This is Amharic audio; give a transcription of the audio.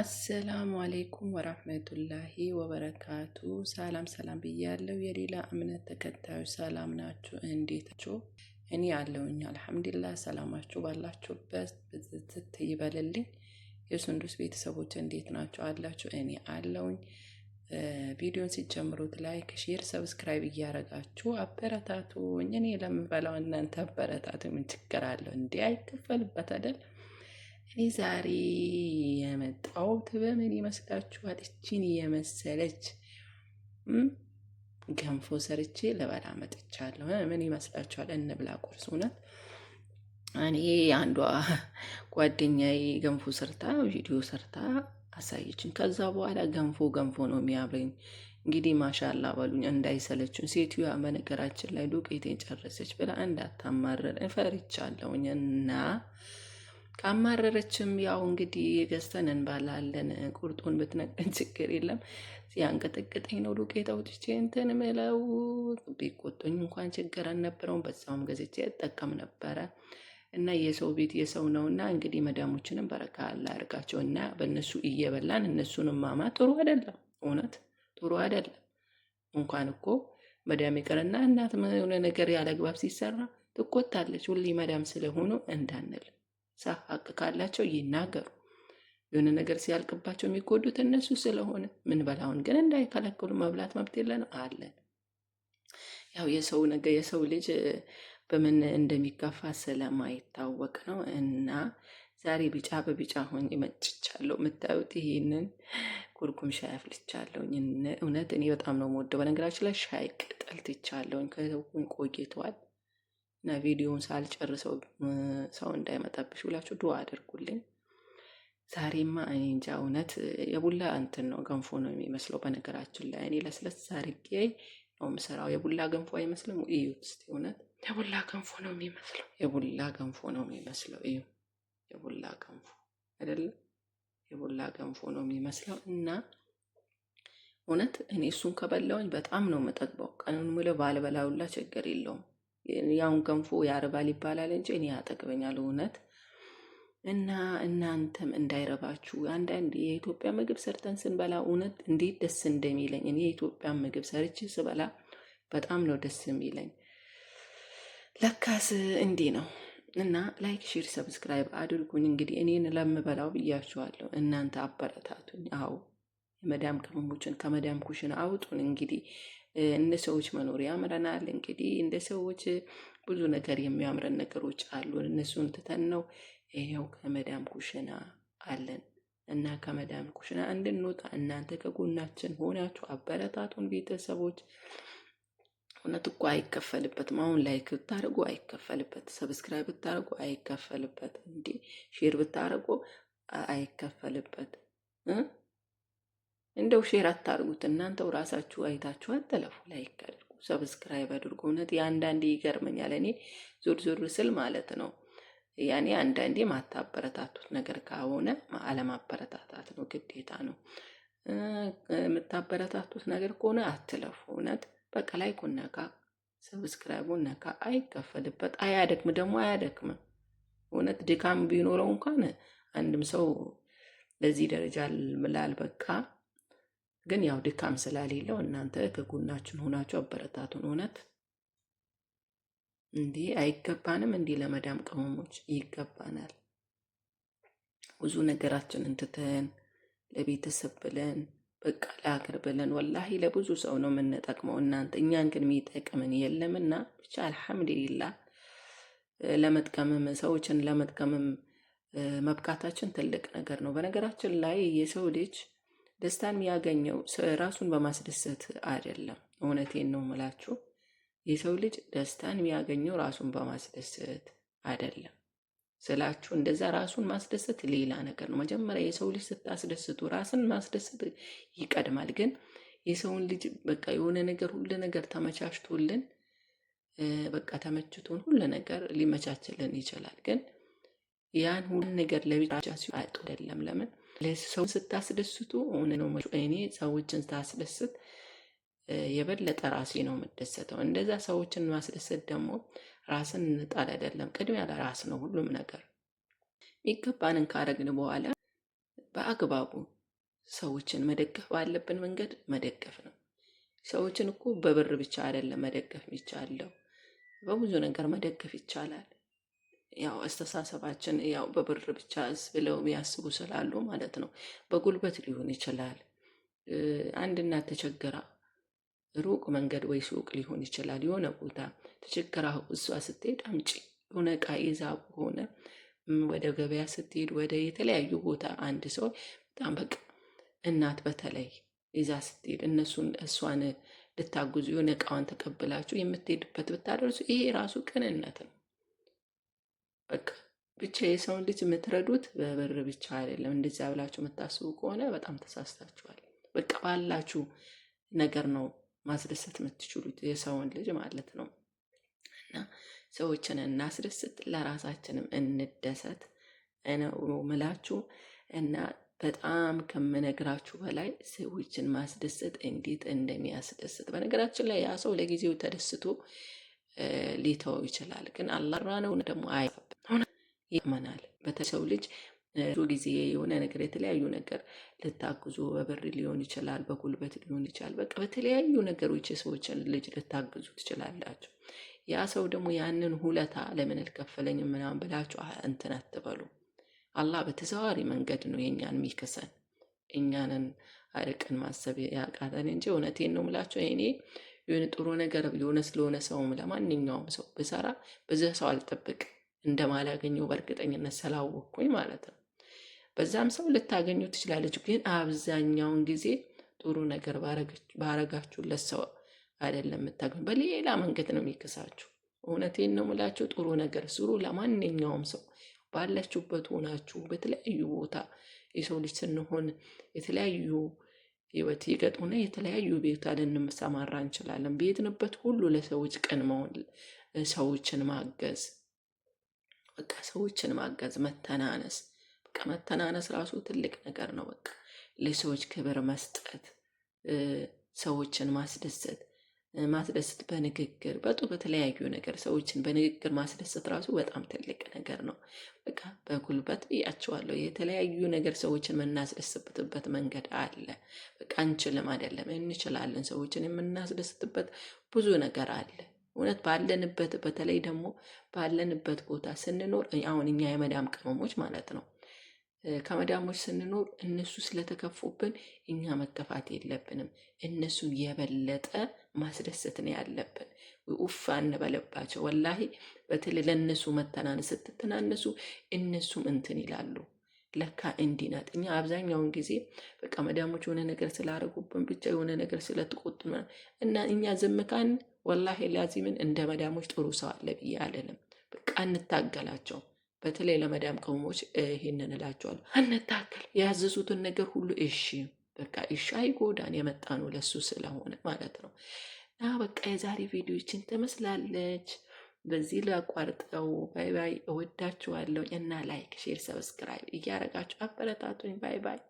አሰላሙ አሌይኩም ወራህመቱላሂ ወበረካቱ። ሰላም ሰላም ብያለው። የሌላ እምነት ተከታዮች ሰላም ናችሁ? እንዴታችሁ? እኔ አለውኝ አልሐምዱሊላህ። ሰላማችሁ ባላችሁበት ብዝት ይበልልኝ። የሱንዱስ ቤተሰቦች እንዴት ናችሁ? አላችሁ? እኔ አለውኝ። ቪዲዮን ሲጀምሩት ላይክ፣ ሼር፣ ሰብስክራይብ እያረጋችሁ አበረታቱኝ። እኔ ለምንበላው እናንተ አበረታቱ። ምን ችግር አለው? እንዲህ አይከፈልበት አይደል? እኔ ዛሬ የመጣሁት በምን ይመስላችኋል? እችን የመሰለች ገንፎ ሰርቼ ለበላ መጥቻለሁ። ምን ይመስላችኋል? እንብላ ቁርስ። እውነት እኔ አንዷ ጓደኛዬ ገንፎ ሰርታ ቪዲዮ ሰርታ አሳየችን። ከዛ በኋላ ገንፎ ገንፎ ነው የሚያብረኝ። እንግዲህ ማሻላ በሉኝ እንዳይሰለችን። ሴትዮዋ በነገራችን ላይ ዱቄቴን ጨረሰች ብላ እንዳታማረር እፈርቻለሁኝ እና ካማረረችም ያው እንግዲህ ገዝተን እንባላለን። ቁርጡን ብትነቅን ችግር የለም። ያንቀጠቀጠኝ ነው ዱቄት አውጥቼ እንትን ምለው ቢቆጡኝ እንኳን ችግር አልነበረውም። በዛውም ገዝቼ እጠቀም ነበረ። እና የሰው ቤት የሰው ነውና እንግዲህ መዳሞችንም በረካ ላርጋቸው እና በእነሱ እየበላን እነሱንም ማማ ጥሩ አይደለም። እውነት ጥሩ አይደለም። እንኳን እኮ መዳም ይቅርና እናት የሆነ ነገር ያለግባብ ሲሰራ ትቆጣለች። ሁሌ መዳም ስለሆኑ እንዳንል ሳቅ ካላቸው ይናገሩ። የሆነ ነገር ሲያልቅባቸው የሚጎዱት እነሱ ስለሆነ ምን በላውን ግን እንዳይከለክሉ መብላት መብት የለን አለን። ያው የሰው ነገ የሰው ልጅ በምን እንደሚከፋ ስለማይታወቅ ነው እና ዛሬ ቢጫ በቢጫ ሆኜ መጭቻለሁ። የምታዩት ይህንን ኩርኩም ሻይ አፍልቻለሁኝ። እውነት እኔ በጣም ነው የምወደው። በነገራችን ላይ ሻይ ቅጠል ትቻለሁኝ። ከሰውን ቆይቷል። እና ቪዲዮውን ሳልጨርሰው ሰው እንዳይመጣብሽ ብላችሁ ዱዓ አድርጉልኝ። ዛሬማ እኔ እንጃ እውነት የቡላ እንትን ነው ገንፎ ነው የሚመስለው። በነገራችን ላይ እኔ ለስለስ አድርጌ ነው የምሰራው። የቡላ ገንፎ አይመስልም? እዩት እስኪ እውነት የቡላ ገንፎ ነው የሚመስለው። የቡላ ገንፎ ነው የሚመስለው። እዩ፣ የቡላ ገንፎ አይደለም፣ የቡላ ገንፎ ነው የሚመስለው እና እውነት እኔ እሱን ከበላውኝ በጣም ነው የምጠግበው። ቀኑን ሙሉ ባልበላውላ ችግር የለውም። ያውን ገንፎ ያርባል ይባላል እንጂ እኔ ያጠግበኛል እውነት። እና እናንተም እንዳይረባችሁ አንዳንድ የኢትዮጵያ ምግብ ሰርተን ስንበላ እውነት እንዴት ደስ እንደሚለኝ እኔ የኢትዮጵያ ምግብ ሰርች ስበላ በጣም ነው ደስ የሚለኝ። ለካስ እንዲህ ነው። እና ላይክ፣ ሼር፣ ሰብስክራይብ አድርጉኝ። እንግዲህ እኔን ለምበላው ብያችኋለሁ። እናንተ አበረታቱኝ። አዎ የመዳም ቅመሞችን ከመዳም ኩሽን አውጡን እንግዲህ እንደ ሰዎች መኖር ያምረናል። እንግዲህ እንደ ሰዎች ብዙ ነገር የሚያምረን ነገሮች አሉ። እነሱን ትተን ነው ይኸው ከመዳም ኩሽና አለን እና ከመዳም ኩሽና እንድንወጣ እናንተ ከጎናችን ሆናችሁ አበረታቱን ቤተሰቦች። እውነት እኮ አይከፈልበትም። አሁን ላይክ ብታደርጉ አይከፈልበት፣ ሰብስክራይብ ብታደርጉ አይከፈልበት፣ እንዲህ ሼር ብታደርጉ አይከፈልበት። እንደው ሼር አታርጉት። እናንተው ራሳችሁ አይታችሁ አትለፉ። ላይክ አድርጉ፣ ሰብስክራይብ አድርጉ። እውነት የአንዳንዴ ይገርመኛል። እኔ ዞር ዞር ስል ማለት ነው ያኔ አንዳንዴ ማታበረታቱት ነገር ከሆነ አለማበረታታት ነው፣ ግዴታ ነው። የምታበረታቱት ነገር ከሆነ አትለፉ። እውነት በቃ ላይኩ ነካ፣ ሰብስክራይቡ ነካ። አይከፈልበት፣ አያደክም፣ ደግሞ አያደክምም። እውነት ድካም ቢኖረው እንኳን አንድም ሰው ለዚህ ደረጃ ምላል በቃ። ግን ያው ድካም ስለሌለው እናንተ ከጎናችን ሆናችሁ አበረታቱን። እውነት እንዲህ አይገባንም፣ እንዲህ ለመዳም ቅመሞች ይገባናል። ብዙ ነገራችን እንትተን ለቤተሰብ ብለን በቃ ለሀገር ብለን ወላሂ ለብዙ ሰው ነው የምንጠቅመው። እናንተ እኛን ግን የሚጠቅምን የለምና ብቻ አልሐምድሊላ ለመጥቀምም ሰዎችን ለመጥቀምም መብቃታችን ትልቅ ነገር ነው። በነገራችን ላይ የሰው ልጅ ደስታን የሚያገኘው ራሱን በማስደሰት አይደለም። እውነቴን ነው ምላችሁ፣ የሰው ልጅ ደስታን የሚያገኘው ራሱን በማስደሰት አይደለም ስላችሁ። እንደዛ ራሱን ማስደሰት ሌላ ነገር ነው። መጀመሪያ የሰው ልጅ ስታስደስቱ ራስን ማስደሰት ይቀድማል። ግን የሰውን ልጅ በቃ የሆነ ነገር ሁሉ ነገር ተመቻችቶልን በቃ ተመችቶን ሁሉ ነገር ሊመቻችልን ይችላል። ግን ያን ሁሉ ነገር ለብቻ ሲሆን አይደለም ለምን ሰው ስታስደስቱ እውነት ነው። እኔ ሰዎችን ስታስደስት የበለጠ ራሴ ነው የምደሰተው። እንደዛ ሰዎችን ማስደሰት ደግሞ ራስን እንጣል አይደለም፣ ቅድሚያ ለራስ ነው ሁሉም ነገር። የሚገባንን ካረግን በኋላ በአግባቡ ሰዎችን መደገፍ ባለብን መንገድ መደገፍ ነው። ሰዎችን እኮ በብር ብቻ አይደለም መደገፍ የሚቻለው፣ በብዙ ነገር መደገፍ ይቻላል። ያው አስተሳሰባችን ያው በብር ብቻ ብለው የሚያስቡ ስላሉ ማለት ነው። በጉልበት ሊሆን ይችላል። አንድ እናት ተቸግራ ሩቅ መንገድ ወይ ሱቅ ሊሆን ይችላል፣ የሆነ ቦታ ተቸግራ እሷ ስትሄድ አምጪ የሆነ ዕቃ ይዛ ሆነ ወደ ገበያ ስትሄድ ወደ የተለያዩ ቦታ አንድ ሰው በጣም በቃ እናት በተለይ ይዛ ስትሄድ እነሱን እሷን ልታጉዙ የሆነ እቃዋን ተቀብላችሁ የምትሄድበት ብታደርሱ ይሄ ራሱ ቅንነት ነው። በቃ ብቻ የሰው ልጅ የምትረዱት በብር ብቻ አይደለም። እንደዚያ ብላችሁ የምታስቡ ከሆነ በጣም ተሳስታችኋል። በቃ ባላችሁ ነገር ነው ማስደሰት የምትችሉት የሰውን ልጅ ማለት ነው። እና ሰዎችን እናስደስት፣ ለራሳችንም እንደሰት ነው ምላችሁ እና በጣም ከምነግራችሁ በላይ ሰዎችን ማስደሰት እንዴት እንደሚያስደስት በነገራችን ላይ ያ ሰው ለጊዜው ተደስቶ ሊተው ይችላል። ግን አላራ ነው ደግሞ አይፈብም ይመናል። በተለይ ልጅ ብዙ ጊዜ የሆነ ነገር የተለያዩ ነገር ልታግዙ በብር ሊሆን ይችላል፣ በጉልበት ሊሆን ይችላል። በቃ በተለያዩ ነገሮች የሰዎችን ልጅ ልታግዙ ትችላላችሁ። ያ ሰው ደግሞ ያንን ሁለታ ለምን አልከፈለኝም ምናምን ብላችሁ እንትን አትበሉ። አላህ በተዘዋዋሪ መንገድ ነው የእኛን የሚክሰን እኛንን አርቅን ማሰብ ያቃተን እንጂ እውነቴን ነው የምላችሁ እኔ የሆነ ጥሩ ነገር የሆነ ስለሆነ ሰውም ለማንኛውም ሰው ብሰራ በዛ ሰው አልጠብቅ እንደማላገኘው በእርግጠኝነት ስላወቅኩኝ ማለት ነው። በዛም ሰው ልታገኙ ትችላለች። ግን አብዛኛውን ጊዜ ጥሩ ነገር ባረጋችሁለት ሰው አይደለም የምታገኙ፣ በሌላ መንገድ ነው የሚክሳችሁ። እውነቴን ነው የምላችሁ። ጥሩ ነገር ስሩ ለማንኛውም ሰው ባላችሁበት ሆናችሁ በተለያዩ ቦታ የሰው ልጅ ስንሆን የተለያዩ ህይወት ይገጥሙና የተለያዩ ቤታ ልንሰማራ እንችላለን። በሄድንበት ሁሉ ለሰዎች ቅን መሆን፣ ሰዎችን ማገዝ፣ በቃ ሰዎችን ማገዝ፣ መተናነስ በቃ መተናነስ ራሱ ትልቅ ነገር ነው። በቃ ለሰዎች ክብር መስጠት፣ ሰዎችን ማስደሰት ማስደሰት በንግግር በጡ በተለያዩ ነገር ሰዎችን በንግግር ማስደሰት ራሱ በጣም ትልቅ ነገር ነው። በቃ በጉልበት ብያቸዋለሁ። የተለያዩ ነገር ሰዎችን የምናስደስትበት መንገድ አለ። በቃ አንችልም አይደለም እንችላለን። ሰዎችን የምናስደስትበት ብዙ ነገር አለ። እውነት ባለንበት በተለይ ደግሞ ባለንበት ቦታ ስንኖር አሁን እኛ የመዳም ቅመሞች ማለት ነው ከመዳሞች ስንኖር እነሱ ስለተከፉብን እኛ መከፋት የለብንም። እነሱን የበለጠ ማስደሰት ነው ያለብን። ውፋ እንበለባቸው። ወላሂ በተለይ ለእነሱ መተናነስ ስትተናነሱ እነሱም እንትን ይላሉ። ለካ እንዲናት እኛ አብዛኛውን ጊዜ በቃ መዳሞች የሆነ ነገር ስላረጉብን ብቻ የሆነ ነገር ስለትቆጡና እና እኛ ዘምካን ወላሂ ላዚምን እንደ መዳሞች ጥሩ ሰው አለ ብዬ አልልም። በቃ እንታገላቸው በተለይ ለመዳም ቅመሞች ይህንን እላቸዋለሁ። እንታከል ያዘዙትን ነገር ሁሉ እሺ በቃ እሺ፣ አይጎዳን የመጣ ነው ለሱ ስለሆነ ማለት ነው። እና በቃ የዛሬ ቪዲዮችን ትመስላለች። በዚህ ላቋርጠው። ባይ ባይ። እወዳችኋለሁ እና ላይክ፣ ሼር፣ ሰብስክራይብ እያረጋችሁ አበረታቱኝ። ባይ ባይ።